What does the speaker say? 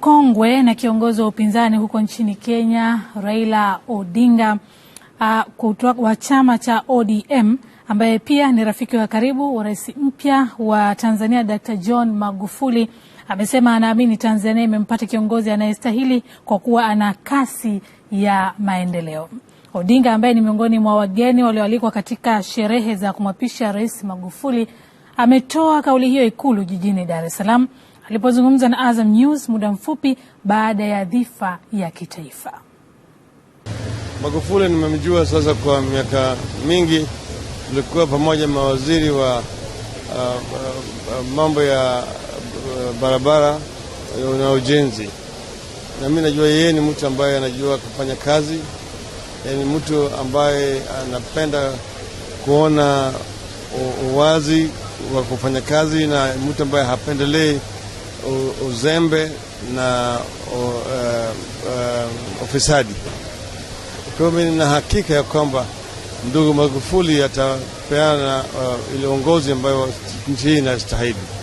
mkongwe na kiongozi wa upinzani huko nchini Kenya Raila Odinga uh, kutoka wa chama cha ODM ambaye pia ni rafiki wa karibu wa rais mpya wa Tanzania Dr. John Magufuli amesema anaamini Tanzania imempata kiongozi anayestahili kwa kuwa ana kasi ya maendeleo. Odinga ambaye ni miongoni mwa wageni walioalikwa katika sherehe za kumwapisha Rais Magufuli ametoa kauli hiyo Ikulu jijini Dar es Salaam alipozungumza na Azam News muda mfupi baada ya dhifa ya kitaifa. Magufuli nimemjua sasa kwa miaka mingi, tulikuwa pamoja mawaziri wa uh, uh, mambo ya uh, barabara na ujenzi, na mi najua yeye ni mtu ambaye anajua kufanya kazi, ni mtu ambaye anapenda kuona uwazi wa kufanya kazi na mtu ambaye hapendelei uzembe na e, e, ufisadi. Kwa hiyo mimi nina hakika ya kwamba ndugu Magufuli atapeana uh, ile uongozi ambayo nchi hii inastahili.